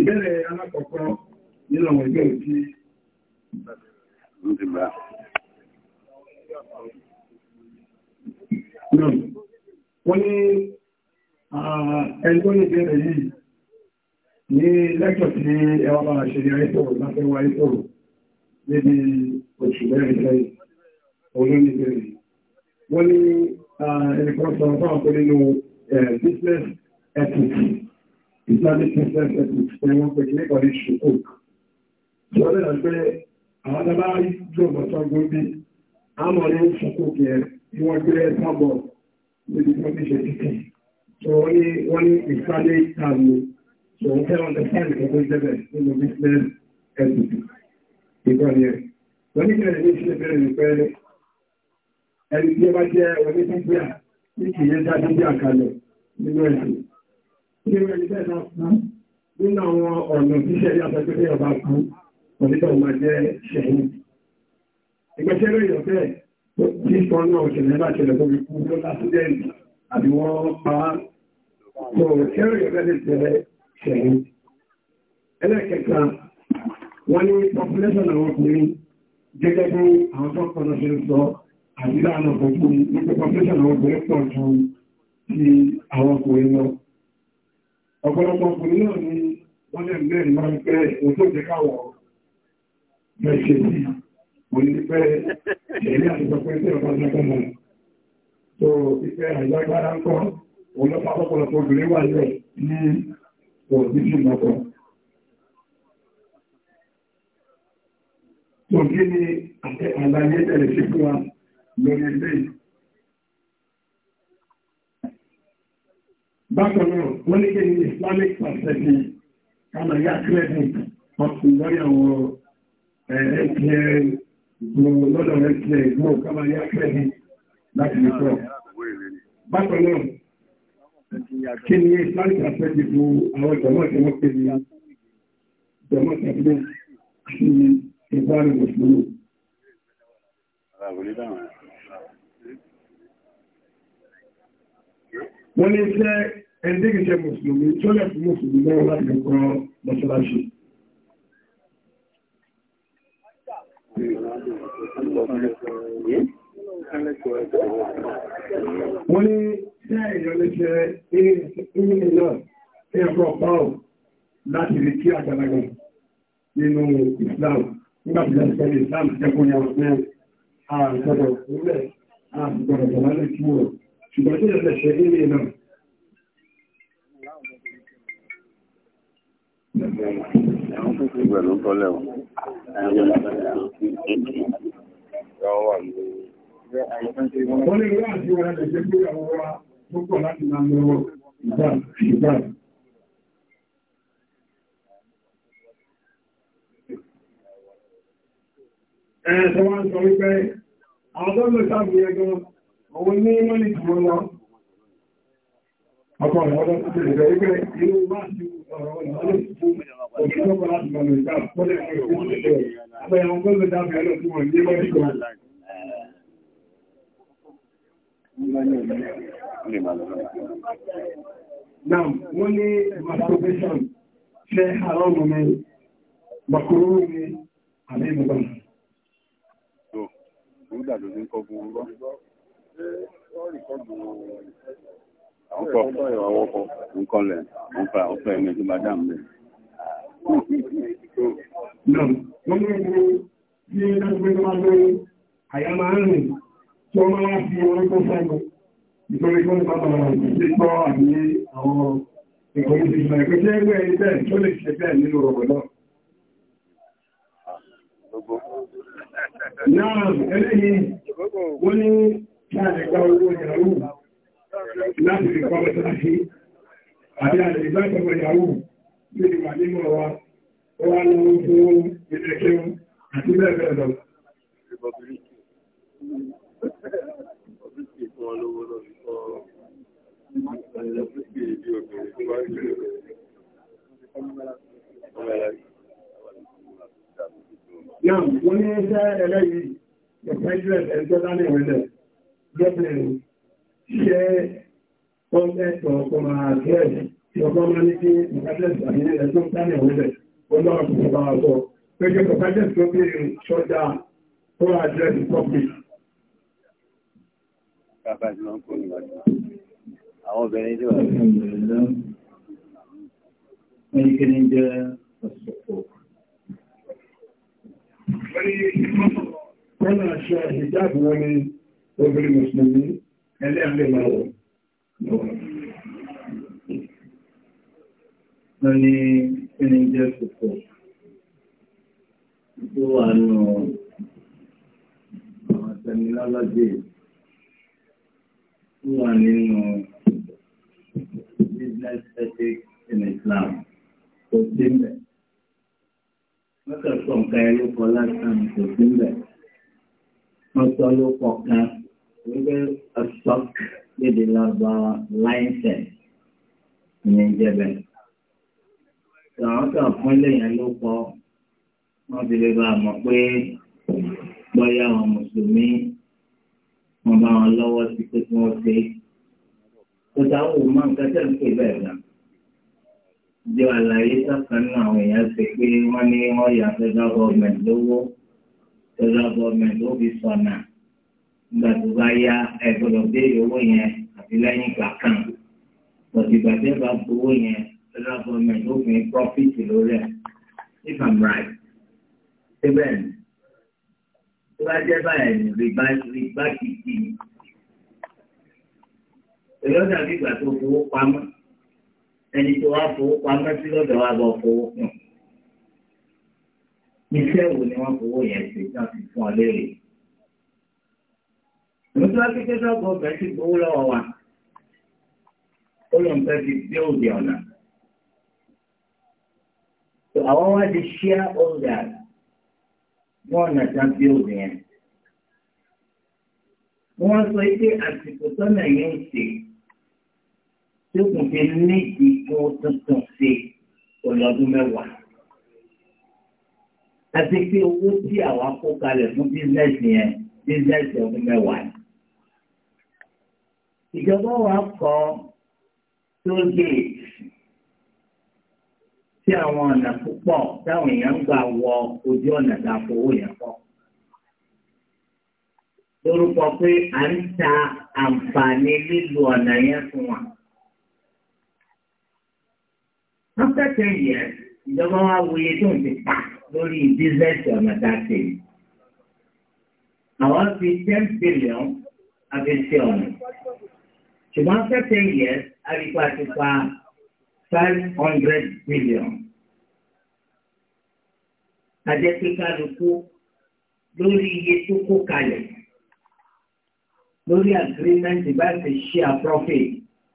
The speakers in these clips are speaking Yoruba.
Ìbẹ̀rẹ̀ alákọ̀ọ́kọ́ nínú àwọn ìbẹ̀rẹ̀ tí ó ti bá. Wọ́n ní ẹgbọ́n ìbẹ̀rẹ̀ yìí ní lẹ́kọ̀ọ́ tí ẹwà bá ṣe ní àìsọ̀rọ̀ láfẹ́wà àìsọ̀rọ̀ níbi oṣù mẹ́rin sẹ́yìn. Òun ní ìbẹ̀rẹ̀ yìí. Wọ́n ní ẹnìkan sọ ethics, Islamic business ethics, tí wọ́n pè ní ọ̀rí ṣùkúk. Tí wọ́n lẹ́nà pé àwọn ọ̀dọ́ bá jọ̀bọ̀ sọ́gbọ́n bí àmọ̀rí ṣùkúk yẹn tí wọ́n gbé sábọ̀ níbi tí wọ́n ti ṣe títì. So wọ́n ní wọ́n ní Islamic term ni, so wọ́n fẹ́ understand ìkọ̀kọ́ ìjẹ́bẹ̀ nínú business ethics. Ìkọ́ni ẹ̀. Wọ́n ní kẹ́rẹ̀ ní ṣe bẹ̀rẹ̀ ní pẹ́ẹ́rẹ́ ẹni tí ó bá jẹ́ onígbígbíà tí kìí yẹ dájú bí àkàlẹ̀ nínú ẹ̀sìn Nínú ẹni bẹ́ẹ̀ náà fún nínú àwọn ọ̀nà tíṣẹ́ ní àtàkùnrin ọba fún ọdíkọ̀ ọmọ jẹ́ ṣẹ̀yìn. Ìgbẹ́ṣẹ́rẹ́ ìyọ̀fẹ́ tí sọ náà ṣẹlẹ̀ bá ṣẹlẹ̀ tó fi kú ló lásídẹ́ẹ̀lì àbí wọ́n pa tó ṣẹ́rẹ́ ìyọ̀fẹ́ lè jẹ́ ṣẹ̀yìn. Ẹlẹ́ẹ̀kẹta, wọ́n ní population àwọn ọkùnrin gẹ́gẹ́ bí àwọn tó kọ́nà ṣe ń sọ àti láàrín ọkùnrin ní population àwọn ọkùnrin pọ̀ ju ti àwọn ọkùnrin lọ ọ̀pọ̀lọpọ̀ ọkùnrin náà ni wọ́n lè mẹ́rin máa ń pẹ́ òjò jẹ́ káwọ̀ mẹ́ṣẹ̀ sí onípẹ́ ẹ̀rẹ́ àtìsọpẹ́ tí ọ̀pá jẹ́kọ́ mọ́ tó pípẹ́ àìlágbára ń kọ́ ọlọ́pàá ọ̀pọ̀lọpọ̀ obìnrin wà lẹ̀ ní òbíṣù mọ́kọ̀ tó kí ni àlàyé tẹ̀lẹ̀ sí fún wa lórí ẹgbẹ́ yìí Bákan náà, wọ́n ní kí ní Islamic perspective, kàmà yá credit, ọ̀sùn lọ́rí àwọn MTN, lọ́dọ̀ MTN, no, kàmà yá credit láti lè pọ̀. Bákan náà, kí ní Islamic perspective àwọn jọmọ́ ìjọmọ́ pé ní jọmọ́ tẹ̀lé sí ìbára Mùsùlùmí. Wọ́n ní iṣẹ́ ẹ̀ndí ìṣẹ́ mùsùlùmí tó lẹ̀ fún mùsùlùmí náà láti ẹ̀kọ́ mọ́ṣáláṣí. wọ́n ní ṣẹ́ ìyọlẹ́ṣẹ́ ìrìnlẹ̀ náà tí ẹ̀kọ́ pàọ̀ láti rí kí àgbàlagbà nínú Islam nígbàtí láti pẹ̀lú Islam jẹ́kùn ní àwọn ọ̀pẹ́ ààrùn tọ́jọ̀ ìpínlẹ̀ ààrùn tọ́jọ̀ ìpínlẹ̀ ṣùgbọ́n tí ẹ̀lẹ́ṣẹ́ ìrìnlẹ̀ náà Ìgbẹ̀ ló tọ́lẹ̀ wọn. Ìyàwó wà ní. Wọ́n lè rí àti wọn lè jẹ́ pé àwọn wa tó pọ̀ láti máa lọ́wọ́ ìgbà ìgbà. tó wá ń sọ wípé àwọn tó sáàbù ẹgbẹ́ òun ní mọ́lì Now, wọ́n ní masturbation ṣe haramu ni, makuru ni, àbí ìbùbọn. Tó, ó dàdò ní kọgbùn ọgbọ́n. Ṣé ọ́rì kọgbùn ọgbọ́n ọkọ ọwọ kọ nǹkan lẹ nǹkan ọfẹ mi tó bá dáhùn lẹ. wọ́n ní ìlú bí ẹgbẹ́ tó máa lóyún àyà máa ń rìn tí wọ́n máa fi orí tó fẹ́gun nítorí tó ń bàbá sí gbọ́ àmì àwọn ẹ̀kọ́ ìsìnkú ẹgbẹ́ tí ẹgbẹ́ ẹni bẹ́ẹ̀ tó lè ṣe bẹ́ẹ̀ nínú rọ̀bọ̀ náà. Náà, eléyìí, wọ́n ní kí a lè gba owó ìrànlọ́wọ́ láti fi kọ́mọ́ tó ṣe àti àti ìbáṣọpọ̀ ìyàwó lórí wà nínú ọwá ọwá lọ́wọ́ fún ìrẹ́kẹ́ àti bẹ́ẹ̀ lọ. Yàm, wọ́n ní ẹgbẹ́ ẹlẹ́yìí, ẹ̀fẹ́ ìjọ́ ẹ̀fẹ́ ìjọ́ dánilẹ̀, gẹ́gẹ́ ṣe ó lẹ́tọ̀ ọkọ̀ máa àdírẹ́sì tí ọkọ̀ máa ní kí ìpàdẹ́sì àbílẹ̀ rẹ̀ tó ń tánà ìwọ̀lẹ̀ olóòrùn tó bá wà sọ pẹ́jọ́ ìpàdẹ́sì tó bí irin ṣọ́jà tó àdírẹ́sì pọ́pì. Àwọn obìnrin jẹ́ wà ní ẹnikẹ́ni jẹ́ ọ̀sọ̀kọ̀. Wọ́n ni ìṣọ́ ìjáàbù wọn ni obìnrin Mùsùlùmí ẹlẹ́ wọ́n ní kíni jẹ́ kòkò tó wà nù àwọn tẹ̀mílálájì tó wà nínú business ethics in Islam kò sí mbẹ̀. wọ́n kẹ́kọ̀ọ́ nǹkan ẹ ló kọ́ lásán kò sí mbẹ̀. wọ́n ló kọ̀ kan wípé a sọ́kì lédè lárúbáwá láìsẹ̀nsì ìyẹn jẹ́ bẹ́ẹ̀. àwọn kan fún eléyàn ló pọ̀ wọ́n ti lè bá a mọ̀ pé bóyá àwọn mùsùlùmí wọn bá wọn lọ́wọ́ sí pé kí wọ́n ṣe. kódà àwọn òmùmá nǹkan tẹ̀ ń pè bẹ́ẹ̀ náà di àlàyé sọ́kàn náà àwọn èèyàn ṣe pé wọ́n ní wọ́n yà federal government lówó federal government ló fi sọ̀nà nígbà tó bá yá ẹ gbọ́dọ̀ béèrè owó yẹn àti lẹ́yìn ìgbà kan pọ̀tìgbà tí ẹ bá gbowó yẹn federal government ó fi profit lórí ẹ̀ if i'm right síbẹ̀ ni tó bá jẹ́ báyìí ní rìbá rìbá kìkì ni èyí ó dàbí ìgbà tó fowó pamọ́ ẹni tó wá fowó pamọ́ sí lọ́dọ̀ wa bọ̀ fowó kùn iṣẹ́ wo ni wọ́n fowó yẹn ṣe tí wọ́n fi fún ọ léèrè. Nítorí akéké sọ́kọ̀ ọ̀fẹ́ sí owó lọ́wọ́ wa, ó lọ́n fẹ́ fi gbé òde ọ̀nà. Àwọn wá di shareholder wọ́n ọ̀nà tá gbé òde yẹn. Wọ́n sọ pé àsìkò sọ́nà yẹn ń ṣe tó kùn fi méjì fún tuntun ṣe ọlọ́dún mẹ́wàá. Àti pé owó tí àwa kó kalẹ̀ fún bísíǹsì yẹn bísíǹsì ọdún mẹ́wàá ìjọba wa kọ tóógèètì sí àwọn ọ̀nà púpọ̀ táwọn èèyàn ń gbà wọ ojú ọ̀nà dàpọ̀ owó yẹn pọ̀. lórúkọ pé à ń ta àǹfààní lílo ọ̀nà yẹn fún wa. after ten years ìjọba wa wo iye tó ń ti pa lórí bísíǹsì ọ̀nà dàpọ̀ àwọn fi ten billion àfi ọ̀nà ṣùgbọ́n after ten years àríkọ́ àti pa five hundred million. Àjẹpé kálukú lórí iye tó kó kalẹ̀ lórí agreement bá ti share profit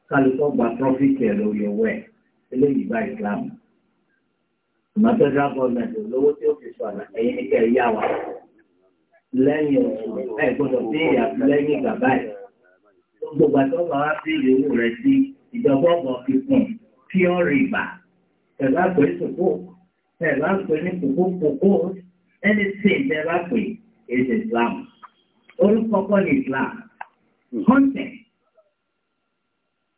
kálukú gba profit ẹ̀ lórí owó ẹ̀ eléyìí bá Islam. Ìmọ̀tọ́jà gọ́ọ̀mẹ̀ntì olówó tí ó fi sọ̀rọ̀ ẹ̀yìn ní kẹ́ ẹ̀ yá wa lẹ́yìn ẹ̀ gbọ́dọ̀ bí ìyàtọ̀ lẹ́yìn bàbá ẹ̀ gbogbo àtọ́gbà wá sí ìyẹ̀wò rẹ̀ sí ìjọba ọ̀gbọ̀n fífún pure river pẹ̀lú àgbẹ̀ sòkò pẹ̀lú àgbẹ̀ ní kòkó kòkó anything pẹ̀lú àgbẹ̀ is Islam orúkọ kọ́ ní Islam content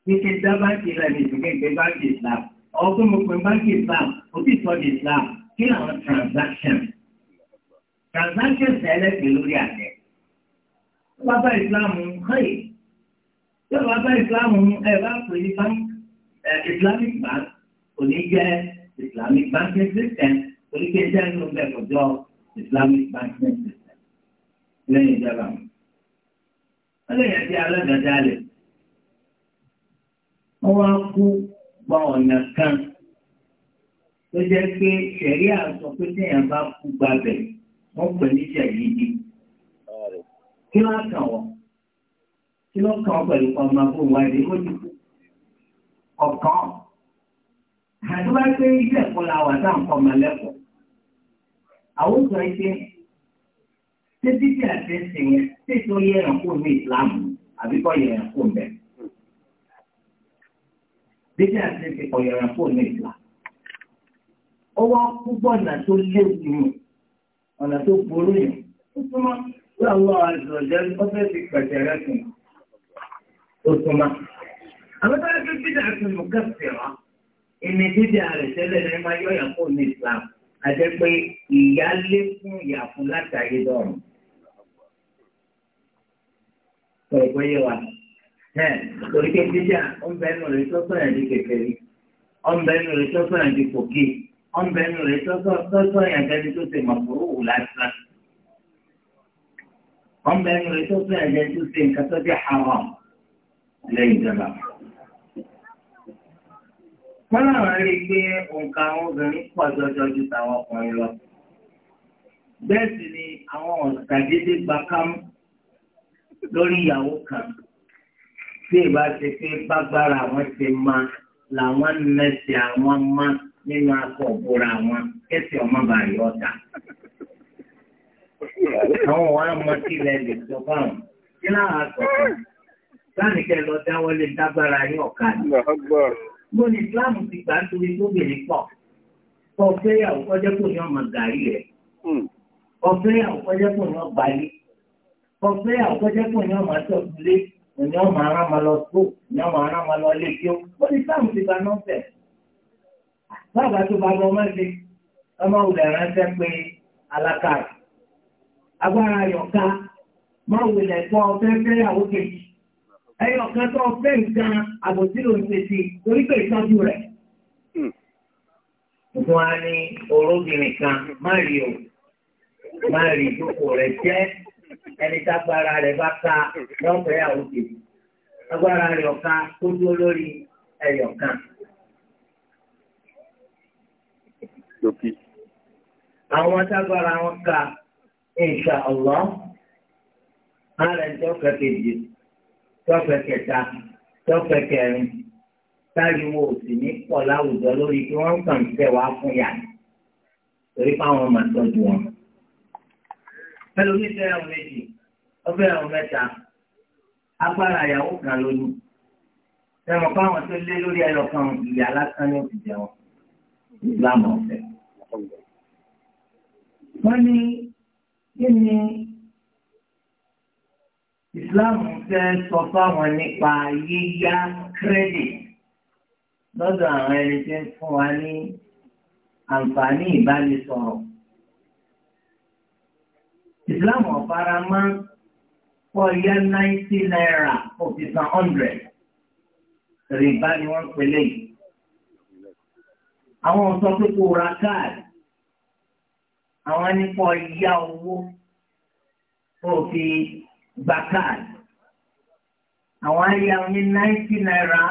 kíkẹ́ dá báńkì ìlànà ìsìnkẹ́ báńkì Islam ọdún mo pè báńkì Islam kò tí ì sọ di Islam kí làwọn transaction transaction sẹ́lẹ̀ pẹ̀lú rí àtẹ. Bàbá ìsìlámù ń hẹ́yìn. Tí wọ́n bá ìsìláàmù mú ẹ bá pè ní bank Islamic bank òní jẹ́ Islamic banking system oníkéjẹ́ nínú bẹ́ẹ̀ jọ Islamic banking system lẹ́yìn ìjọba mi. Wọ́n lè yàn sí alágbàdá rẹ̀. Wọ́n wá kú gba ọ̀nà kan tó jẹ́ pé ṣẹ̀rí àsọ pé téèyàn bá kú gbabẹ̀ wọ́n pè ní ṣẹ̀yí ni. Kí wọ́n kàn wọ́n? kí ló kàn pẹ̀lú ọmọ fún wa èdè ó ti kú ọ̀kan àdúrà pé ilé ẹ̀kọ́ la wà tá à ń kọ́ ọmọ lẹ́kọ̀ọ́ àwọn sọ pé títí tí a yẹn títí ó yẹ ẹ̀kọ́ ní Islam àbí kọ́ yẹ ẹ̀kọ́ mbẹ́ títí a ti kọ́ yẹ ẹ̀kọ́ ní Islam ó wá púpọ̀ ọ̀nà tó léwu yìí ọ̀nà tó burú yìí ó túmọ̀ pé àwọn àìsàn jẹ́ ọ́fẹ́ ti pẹ̀tẹ̀rẹ́ sùn tó súnmọ́. àwọn tó yẹ kí bídà tún mú kẹfìrọ ìní bídà rẹ tẹ́lẹ̀ rẹ máa yọ ìyàpò ní Islam àti pé ìyá lé fún ìyà fún látàrí dọrùn. sọ̀rọ̀ pé yé wa ẹ̀ torí pé bídà ó ń bẹ́ẹ̀ nù rẹ tó sọ̀rọ̀ ní kékeré ó ń bẹ́ẹ̀ nù rẹ tó sọ̀rọ̀ ní kòkè ó ń bẹ́ẹ̀ nù rẹ tó sọ̀rọ̀ yàtẹ́ni tó ti mọ̀ fún òwú lásán ọmọ ẹni rẹ tó fún ẹ̀jẹ̀ tó ṣe nǹkan tó jẹ́ haram lẹ́yìn ìjọba. wọ́n náà rí i pé òǹkà àwọn obìnrin pọ̀ jọjọ ju tàwọn ọkùnrin lọ. bẹ́ẹ̀ sì ni àwọn ọ̀sàdédé gba kámú lórí ìyàwó kan tí ìbá ṣe pé bágbára àwọn ti máa làwọn mẹsì àwọn máa nínú akọ òbúra wọn kẹsì ọmọ bàrí ọjà. àwọn wàá mọ kí lè sọ fáwọn kí láwọn akọ láàrin kẹ́ lọ dáwọ́ lé dágbára yín ọ̀ka ni. mo ní Islam ti gbà ń torí lóbìnrin pọ̀ ọ̀fẹ́ yàwó kọjá kò ní ọmọ gàrí rẹ̀ hmm. ọ̀fẹ́ yàwó kọjá kò ní ọgbà yìí ọ̀fẹ́ yàwó kọjá kò ní ọmọ àti ọ̀gbìnlé ní ọmọ ara tó ní ọmọ ara máa kí ó ó ní Islam ti gbà náà fẹ̀. bàbá tó bá bọ́ máa ṣe ọmọ òwúrẹ̀ ránṣẹ́ pé alákàrà agbára yọ̀ká máa wulẹ̀ fún ọ̀fẹ́ fẹ́ yàwó kejì ẹyọ kan tó fẹ́ nǹkan àbòsílò ń ṣe sí torí pé ìtọ́jú rẹ̀. Wọ́n hmm. á ní orúbìnrin kan má o, má rí ìjókòó rẹ̀ jẹ́ ẹni tágbára rẹ̀ bá ka lọ́fẹ̀ẹ́ àwọn òkè. Agbára rẹ̀ ọ̀ka tó dúró lórí ẹyọ kan. Àwọn tágbára wọn ka, insha Allah, á rẹ̀ ń tọ́ka kejì tọ́fẹ̀ kẹta tọ́fẹ̀ kẹrin táyìwò sì ní pọ̀ láwùjọ lórí kí wọ́n kàn tẹ̀ wá fún yà torí fáwọn máa tọ́jú wọn. ẹlòmíì fẹ́ràn méjì ọfẹ́ràn mẹ́ta agbára ìyàwó kan lónìí sẹ́wọ̀n fáwọn tó lé lórí ẹyọ kan ìyá lásán ló ti jẹun ìlànà ọ̀fẹ́. wọ́n ní kí ni. Islam fẹ́ sọ fáwọn nípa yíyá credit lọ́dọ̀ àwọn ẹni tí ń fún wa ní àǹfààní ìbánisọ̀rọ̀. Islam ọ̀fara máa ń pọ̀ yá náítì náírà òfin san hundred rìbá ni wọ́n ń pèlè yìí. Àwọn sọ pé kò ra káàdì àwọn nípa yá owó òfin gbàkàd àwọn ayá ní náìtì náírà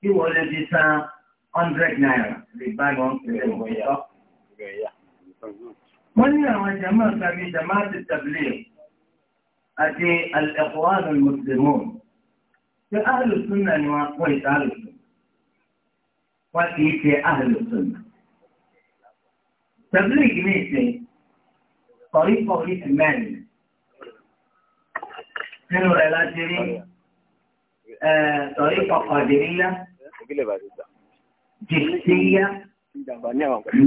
tí wọ́n lè fi san hundred naira lè bá wọn pèlè ìwọ̀nyọ́. wọ́n ní àwọn jama tàbí jama ti tàbílì àti al-ikhwan al-muslimun tí ahlu sunna ni wọ́n pọ̀ ìta ahlu sunna wọ́n kì í ṣe ahlu sunna. tàbílì kìíní ṣe kọ̀rí kọ̀rí ti mẹ́rin nínú rẹ̀ láti rí tọ̀rí kọ̀kọ̀dìríyá jìsíyá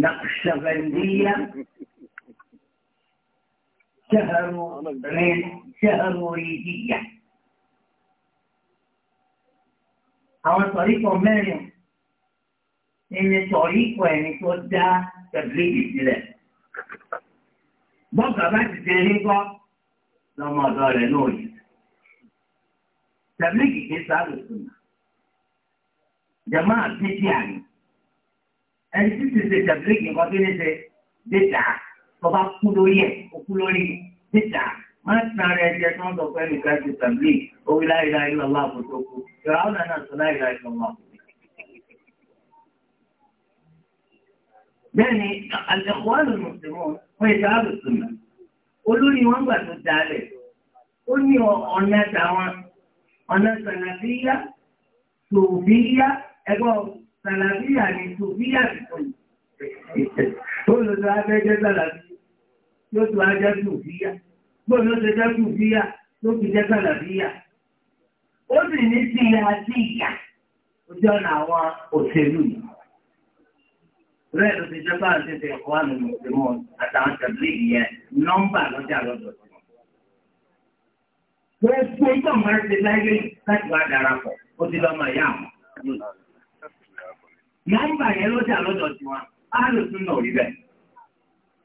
nàkṣàbẹ̀ndíyá ṣẹ́hẹ̀rọ̀rìdíyá. àwọn tọ̀rí kọ̀ mẹ́rin ẹni tọ̀rí kọ̀ ẹni tó dá tẹ̀blíìdì sílẹ̀. bọ́ọ̀gà bá ti tẹ̀lé gbọ́ lọ́mọ rẹ̀ lóòyìn tẹ̀blígì kì í sáré sùnà jama bíbí àná ẹni tí ti ṣe tẹ̀blígì nǹkan tó ní ṣe bíjà tọba kú lórí ẹ̀ òkú lórí bíjà má tàn rẹ jẹ tí wọn sọ pé nìkan ti tẹ̀blígì orí láìláì ìlú ọlá àbòtó kú ìrà ọ̀nà náà sọ láìláì ìlú ọlá àbòtó. bẹ́ẹ̀ni àlẹ́kọ̀ọ́lù mùsùlùmí wọ́n yẹ sáà lùsùnà olórí wọn gbà tó dalẹ̀ ó ní ọ̀nà táwọn ọ̀nà sàlàfíà tòbíyà ẹgbọ́n sàlàfíà ni tòbíyà nìkan olùsọ abẹ́jẹ́ sàlàfíà yóò tún ajá tòbíyà gbọ́dọ̀ ṣe jẹ́ tòbíyà ló fi jẹ́ sàlàfíà ó sì ní sí àti ìyà ojú ọ̀nà àwọn òṣèlú yìí rẹ́ẹ̀ ló ti jẹ́ bá àti ẹ̀kọ́ àlùmọ̀ọ́sẹ̀mọ́ àtàwọn tẹ̀lé ìyẹn nọ́mbà lọ́jà lọ́dọ̀ọ́ gbogbo na máa ń ṣe láyé láti wá darapọ̀ ó ti lọ́mọ ìyá àwọn. Nọ́mbà yẹn ló dé àlọ́dọ̀ tiwọn, àlùsùn náà rí bẹ́ẹ̀.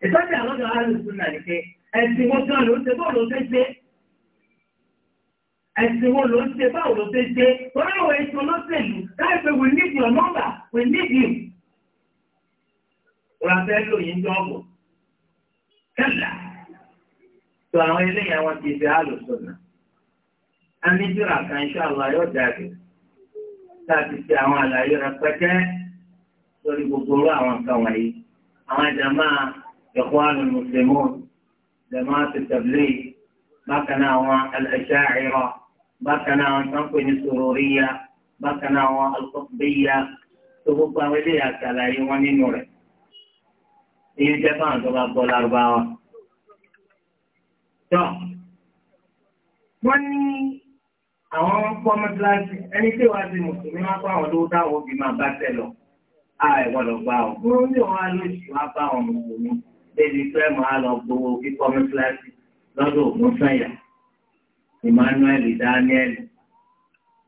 Ìtọ́jú àlọ́dọ̀ àlùsùn náà ni pé ẹ̀sìn wo gan ló ń ṣe báwo ló fẹ́ ṣe? Ẹ̀sìn wo ló ṣe ṣe? we need your number, we need you. a ní jìrà kan inṣàlá yóò jáde láti fi àwọn àlàyé rẹpẹtẹ lórí gbogbo àwọn nǹkan wọ̀nyí àwọn jama Ikhwanul Muslimun jama ti Tabligh bákan náà àwọn al-Asha'ira bákan náà àwọn sanpé ní Sururiyya bákan náà àwọn al-Qutbiyya tó gbogbo àwọn ilé àtàlàyé wọn nínú rẹ̀ èyí jẹ́ fáwọn tó bá gbọ́ lárúbáwá. wọ́n ní. àwọn ń kọ́ mọ́tíláṣí ẹni tí wàá di mùsùlùmí wá kó àwọn lówó táwọn òbí máa bá tẹ lọ àìgbọ́dọ̀ gbà ọ́ fún ní wọn alóòsì wá bá àwọn mùsùlùmí débi pé màá lọ gbowó kíkọ́ mọ́tíláṣí lọ́dọ̀ ògùn sànyà Emmanuel Daniel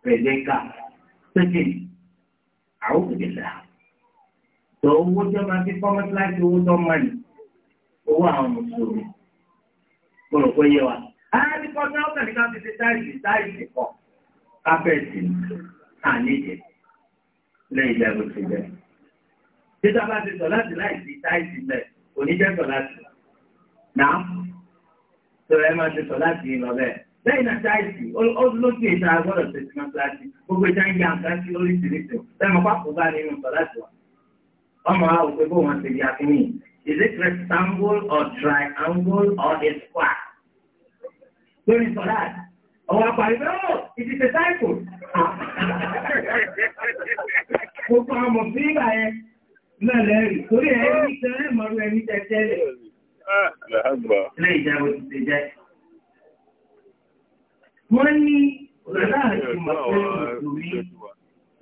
Rebecca pété àwòkùdìlà tó owó tó máa fi kọ́ mọ́tíláṣí owó tó mọ̀ ní owó àwọn mùsùlùmí gbọ́dọ̀ pé wa. Ààrí kọjá ọ̀pẹ̀ ní káàkiri ṣe táìlì táìlì kọ̀. Kápẹ́ẹ̀tì àníjẹ lẹ́yìn ìjẹ́bù ti bẹ̀. Títà bá ti sọ láti láì sí táìlì bẹ̀, oníjẹ́ sọ láti. Nàá sọ̀rọ̀ ẹ máa ti sọ láti yìí lọ bẹ́ẹ̀. Lẹ́yìn náà táìlì, ó lójú ìta gbọ́dọ̀ ṣe ti máa kíláàsì. Gbogbo ìta ń ya nǹkan sí lóríṣiríṣi. Bẹ́ẹ̀ni pápá bá nínú sọ láti wà. Ọmọ wa ò pé bó wọn ti di akínní. Is it rectangle or triangle or a square? lórí sọ̀lá ọwọ́ àpàrígbẹ́ ọ̀ ìdí ṣe sáìkò gbogbo àmọ̀ sí ìgbà ẹ náà lẹ́rìí torí ẹ ní tẹ́lẹ̀ mọ́rú ẹni tẹ́tẹ́lẹ̀ ilé ìjẹ́wò ti ṣe jẹ́ wọ́n ní ọ̀rẹ́lá àti mọ̀tẹ́lẹ̀ òṣèlú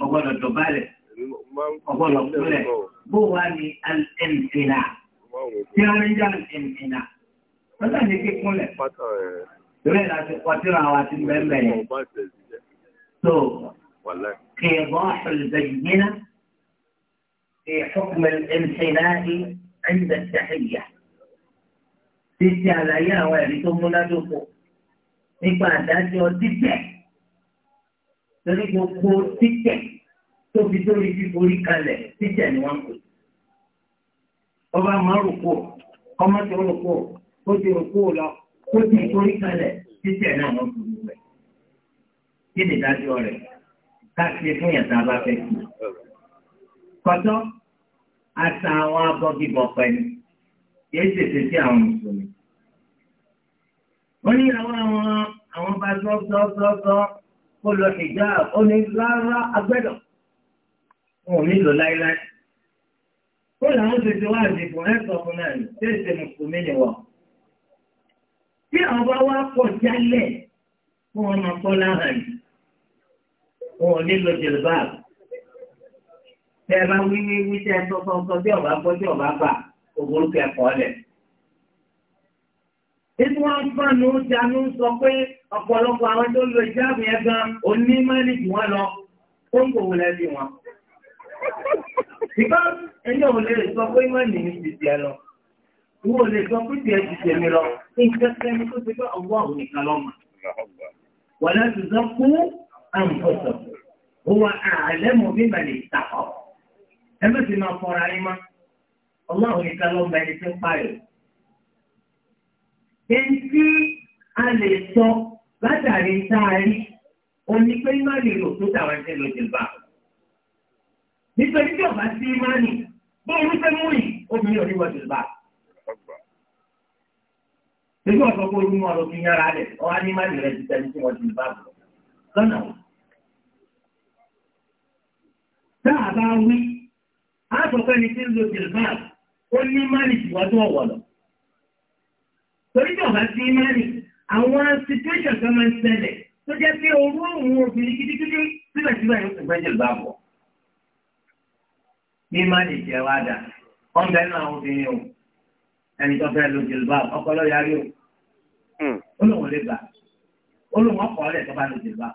ọgbọ́dọ̀ dọ̀bálẹ̀ ọgbọ́dọ̀ kúlẹ̀ bó wà ní ẹnìtìlá tí wọ́n ń jà ẹnìtìlá wọ́n tàbí kíkúnlẹ̀ Ìwé ìlàtí pọ̀tíra wa ti bẹ̀rẹ̀ yẹn. So, kì í bọ́ ṣùlùbẹ̀yìnà fi ṣùkùnmẹ̀ ìmṣẹ̀láì ẹ̀ńdà ṣàhìyà. Títí àlàyé àwọn ẹ̀rí tó múnádóko nípa àdájọ́ títẹ̀. Torí gbogbo títẹ̀ tó fi dórí fíforí kalẹ̀ títẹ̀ ni wọ́n pè. Ọba máa rò kó ọmọ tó rò kó ó ti rò kó lọ ó ti orí kalẹ̀ títẹ̀ náà wọ́n fi wù rẹ̀. kí ni ìdájọ́ rẹ̀ ká ṣe fún yàtọ̀ bá fẹ́ kí. kọ́tọ́ àtà àwọn abọ́gibọ̀ pẹ̀lú yéé ṣèṣe sí àwọn mùsùlùmí. wọ́n ní àwọn àwọn àwọn bá sọ́ọ́sọ́ọ́sọ́ kó lọ hijab ó rárá agbẹ́dọ̀ wọn ò nílò láéláé. ó làwọn ṣèṣe wá àdìgún ẹ̀ sọ fún náà ṣé ìṣe mùsùlùmí ni wọ́n tí àwọn bá wá pọ̀ jálẹ̀ kí wọ́n máa kọ́ lára yìí wọn ò nílò jìlbáàbù tẹ ẹ bá wí wí wí tẹ ẹ tó kọ́kọ́ bí ọba gbọ́ bí ọba gbà ògbórúkọ ẹ̀kọ́ lẹ̀. Ètò wọn fànù dànù sọ pé ọ̀pọ̀lọpọ̀ àwọn tó lo ìjáàbù yẹn gan onímọ̀lì jù wọ́n lọ ó ń gbòòwò lẹ́bi wọn. Ìgbà ẹ̀yìn òun lè sọ pé ìmọ̀lì ní ti tiẹ̀ lọ. Wọ́n lè sọ pé tiẹ̀ ti tẹ̀mí lọ. Nǹkan sẹ́ni tó ti pé ọwọ́ àwọn nìkan lọ́mọ. Wọ́n lọ ti sọ kú àǹfọ̀sọ̀. Wọ́n àlẹ́ mọ̀ bí màlẹ̀ ìtàkọ̀. Ẹ bẹ́ẹ̀ sì máa fọra yín mọ́. Ọwọ́ àwọn nìkan lọ́mọ ẹni tí ń pààyàn. Ẹni tí a lè sọ látàrí sáárí, òní pé má lè rò tó tàwọn ẹni lọ jìlbà. Nítorí tí ọ̀bá sí Imani, bó orúkẹ́ mú yìí, obìnrin ò ní wọ Ṣébí wọ́n sọ pé orí mọ́ ló fi yára rẹ̀ ọ wá ní má lè rẹ̀ ti tẹ̀lé tí wọ́n ti bá bọ̀. Lọ́nà o. Tá a bá wí, a sọ pé ní tí ń lo Jilbab, ó ní má lè jù wájú ọ̀wọ̀ lọ. Torí tí ọ̀gá sí má lè, àwọn situation kan máa ń ṣẹlẹ̀ tó jẹ́ pé orú òun obìnrin gidigidi síbẹ̀síbẹ̀ yóò fún fẹ́jẹ̀ bá bọ̀. Bí má jẹ́ wá dà, ọ̀n ẹni tó fẹ́ lo Jilbab, ọpọlọ yarí o olóhùn lè gbà olóhùn ọkọ̀ rẹ̀ tó bá lò jùlọ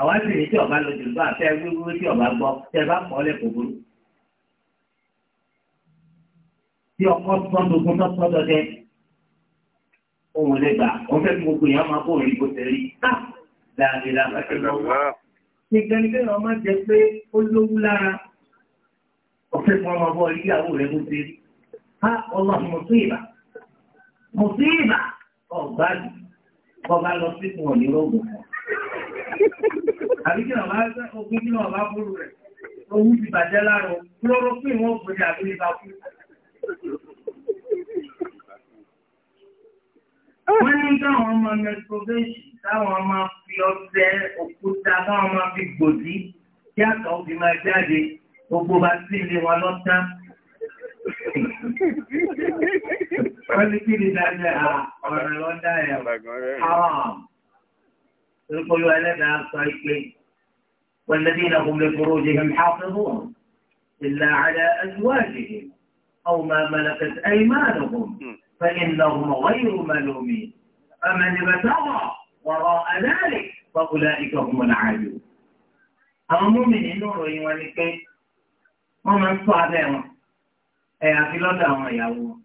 àwa sì ní tí ọba lò jùlọ àfẹ́ wíwú tí ọba gbọ́ tẹ bá kọ́ lẹ̀ kò burú. tí ọkọ gbọ́n gbogbo tó tọ́jọ́ jẹ́ ohun lè gbà òun fẹ́ kí gbogbo èèyàn máa bóun ìbò tẹ̀lé dáadé lára ẹ̀ lọ́wọ́. nìkan ni kéèyàn máa jẹ pé ó lówó lára ọ̀fẹ́ fún ọmọ bọ́ọ̀lù ìyàwó rẹ̀ ló dé. ha ọlọ́run mọ̀ sí ìbà mọ̀ sí ìbà ọ̀gbá bọ́ba lọ sí fún ọ̀ní lóògùn kan. àbí kí wọn bá ogún kí wọn bá búrú rẹ̀ owó ti bàjẹ́ láàrọ̀ chloroquine wọn kò ní àbílẹ̀ bá kú. wọ́n ní káwọn ọmọ mẹtrobéṣì táwọn máa fi ọṣẹ òkúta káwọn máa fi gbòdì kí àtọ̀ òbí máa jáde gbogbo bá sí ilé wọn lọ́tàn. والذين هم لفروجهم حافظون إلا على أزواجهم أو ما ملكت أيمانهم فإنهم غير ملومين فمن ابتغى وراء ذلك فأولئك هم العادون. àwọn مؤمنين nínú ومن wọn ẹ àfi lọ́dọ̀ àwọn ìyàwó wọn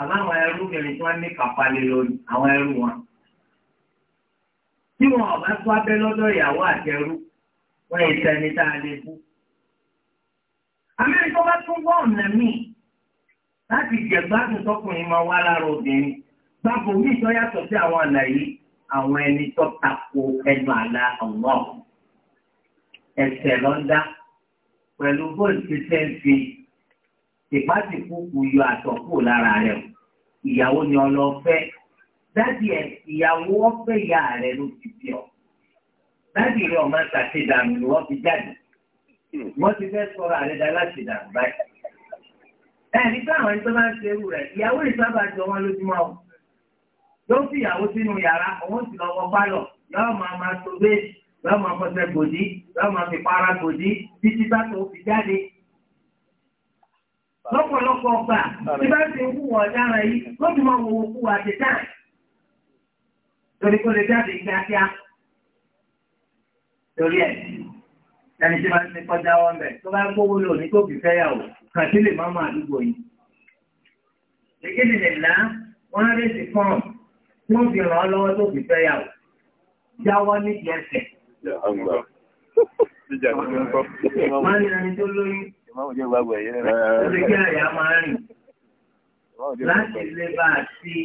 àmọ́ àwọn ẹrúbìnrin tí wọ́n ní kàpálẹ̀ lórí àwọn ẹrú wọn tí wọn ọba tó abẹ lọ́dọ̀ ìyàwó àti ẹrú wọn yìí sẹni tá a lè bú. amẹ́ríkà bá tún wọ́n ọ̀nà míì láti jẹ̀gbádùn tọkùnrin máa wá lára obìnrin gbàgbọ́ mi tó yàtọ̀ sí àwọn ọ̀nà yìí àwọn ẹni tó tako ẹnu àlá ọ̀wọ́ ẹsẹ̀ lọ́dá pẹ̀lú bóòlù tí fẹ́ẹ́ fi ìpàsìkú kù yọ àtọ̀ kù lára rẹ̀ o ìyàwó ni ọlọ́fẹ́ dáàdì ẹ̀ ìyàwó ọ̀fẹ́ ìyá rẹ̀ ló ti bí ọ dáàdì rẹ̀ ọ̀ma ṣàṣì dànù ni wọ́n fi jáde wọ́n ti fẹ́ sọ̀rọ̀ àrẹ dá láti dànù báyìí. ẹ ní káwọn ẹni tó bá ń ṣe irú rẹ̀ ìyàwó ìsábà jọ wọn lójúmọ́ o yóò fi ìyàwó sínú yàrá òun sì lọ wọ pálọ̀ yóò máa máa tó bẹ́ẹ̀ yóò máa fọṣẹ gòdì yóò máa fi para gòdì títí bá tó fi jáde lọ́pọ̀lọpọ̀ ọgbà tí bá ti ń wúwọ̀ ọ̀daràn yìí ló ti máa wò wòkú àtẹ̀tà torí kó lè jáde kíákíá torí ẹ̀ ẹni tí wọ́n ti kọjá wọn bẹ̀ tó bá gbówó lò ní kóòbì fẹ́yàwó kàn sí lè máa máa dúgbò yìí. èkéde lè lá wọn á rèsì fọ́ọ̀m tí wọ́n fi ràn án lọ́wọ́ tó fi fẹ́yàwó jáwọ́ nídìí ẹsẹ̀ jíjà ní ọkọ. wọ́n ní ẹni tó lóyún. ìmáàmù jẹ́ ìgbàgbọ́ ẹ̀yẹ rẹ̀. ó ti kí àyà máa rìn. láti lè bá a ti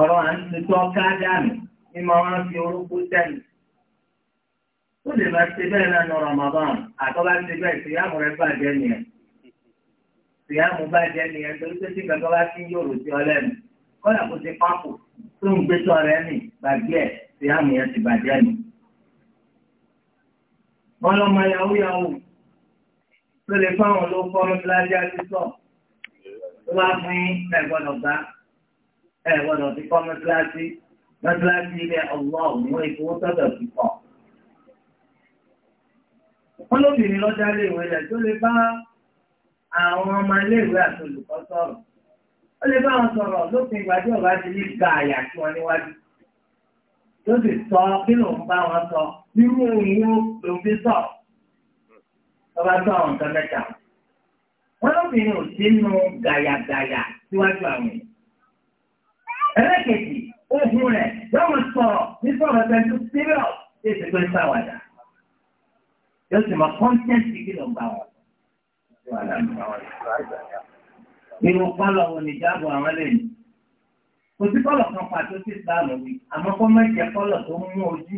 ọ̀rọ̀ àtúntò ká dànù ní máa wá fi orúkú sẹ́yìn. ó lè bá ṣe bẹ́ẹ̀ náà nọ Ramadan àtọ́ba ṣe bẹ́ẹ̀ síyàmù rẹ̀ bàjẹ́ nìyẹn. síyàmù bàjẹ́ nìyẹn torí pé tí kankan bá ti ń yòrò sí ọlẹ́nu kọ́lá kó ti pápò tó ń gbé tọ́ rẹ̀ bàjẹ́ síyàmù yẹn ti bàjẹ́ nì wọn lọ́mọ yahoo yahoo tó lè fáwọn ló fọ́ mọ́tíláṣí àti sọ tó bá fún ẹ gbọ́dọ̀ gbá ẹ gbọ́dọ̀ fi kọ́ mọ́tíláṣí mọ́tíláṣí ilẹ̀ ọ̀gbọ́n òun ìfowósọ́dọ̀ fi kọ́. wọ́n lóbìnrin lọ́jà léèwé rẹ̀ tó lè bá àwọn ọmọ iléèwé àti olùkọ́ sọ̀rọ̀ ó lè bá wọn sọ̀rọ̀ lópin ìgbà ọba ti ní gba àyà tí wọ́n níwájú tó sì sọ kí ń bá wọn sọ nínú òun ló fi sọ ọba sọ àwọn nǹkan mẹ́ta wọn lóbìnrin ò sínú gàyàgàyà síwájú àwọn ẹlẹ́kẹ̀jì ohun rẹ̀ yọ̀wọ̀ sọ̀rọ̀ ní sọ̀rọ̀ pẹ̀lú serious ṣe é ṣe pé sáwàdà yóò sì mọ kọ́ńtẹ́ǹtì kí ń bá wọn. Irun pálọ̀ wo ni jáàbù àwọn lè ní? kò sí kọ́lọ̀ kan pàtó sí ìsìlámù wí àmọ́ kọ́ má jẹ kọ́lọ̀ tó mú ojú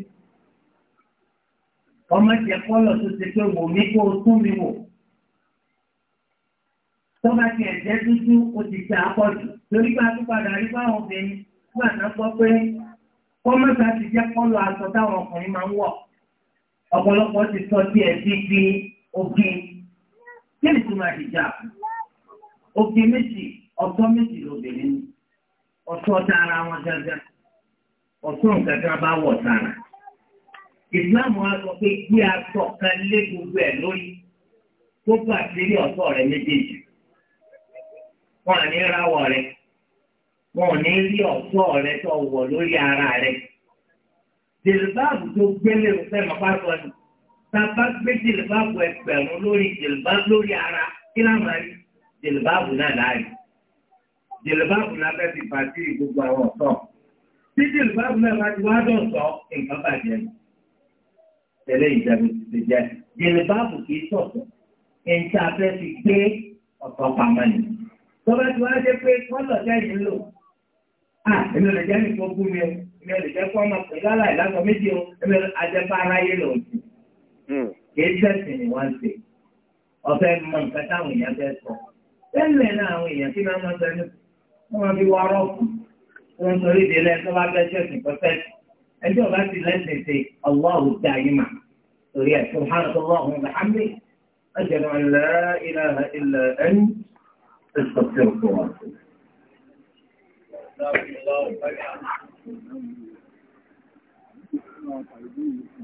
kọ́ má jẹ kọ́lọ̀ tó ṣe pé wò mí kó o tún mi wò tó bá tiẹ̀ jẹ́ dúdú o ti ṣe àpọ̀jù torí pé àtúpadà rí báwọn obìnrin nígbà tó gbọ́ pé kọ́mọ́sá ti jẹ́ kọ́lọ̀ aṣọ táwọn ọkùnrin máa ń wọ̀ ọ̀pọ̀lọpọ̀ ti sọ tiẹ̀ sí ti ògì kí ni tó máa méjì ọ̀tọ̀ méjì lóbìnrin ni ọ̀tọ̀ tara wọn gángan ọ̀tọ̀ nǹkan bá wọ̀ tara. ìsìláàmù wa sọ pé gbé aṣọ kan lé gbogbo ẹ̀ lórí tó gbà sílé ọ̀tọ̀ rẹ̀ méjèèjì. wọn à ní ráwọ̀ rẹ̀ wọn ò ní rí ọ̀tọ̀ rẹ̀ tó wọ̀ lórí ara rẹ̀. jìlbáàbù tó gbélé òfẹ́ màbá sọ ni tàbá gbé jìlbáàbù ẹgbẹ̀rún lórí jìlbáàbù lórí ara kí láwọn jìlbáàbù náà láàyè jìlìbáàbù náà fẹ́ẹ́ ti pàtí gbogbo àwọn ọ̀tọ̀. Tí jìlìbáàbù náà bá ti wá dùn sọ, nǹkan bàjẹ́ ni. Tẹ̀lé ìjàmbá ti ti jẹ́. Jìlìbáàbù kì í sọ̀tọ̀. Nǹkan afẹ́ ti gbé ọ̀tọ̀ pamọ́ ni. Tọ́ba ti wá dé pé kọ́lọ̀ jẹ́rìí ń lò. À èmi lè jẹ́ nìkan gún mi o. Èmi lè jẹ́ kó ọmọ pẹ̀lú aláì lásán méjì o. Èmi lè ajẹ́pá aráyé lò ó sí. Hmm. Kìí sẹ̀sìn ni wọ́n ń ṣe. Ọ̀fẹ́ mọ nǹkan táwọn èèyàn fẹ́ sọ. Tẹ́lẹ̀ náà àwọn èèyàn kí máa máa sọ wọ́n máa fi wọ arọ́ fún wọn sọ èdè lẹ́sẹ̀ wá bẹ́ẹ̀ ṣẹ̀sìn pọ̀tẹ́sì ẹjọ́ bá ti lẹ́sìn ṣe ọlọ́run ti ayé mà torí ẹ̀ tó hàn tó lọ́hùn làámi ẹ̀jẹ̀ náà lẹ́ ilẹ̀ ilẹ̀ ẹ̀ń ẹ̀sọ̀tẹ̀ òkú wa. Thank you.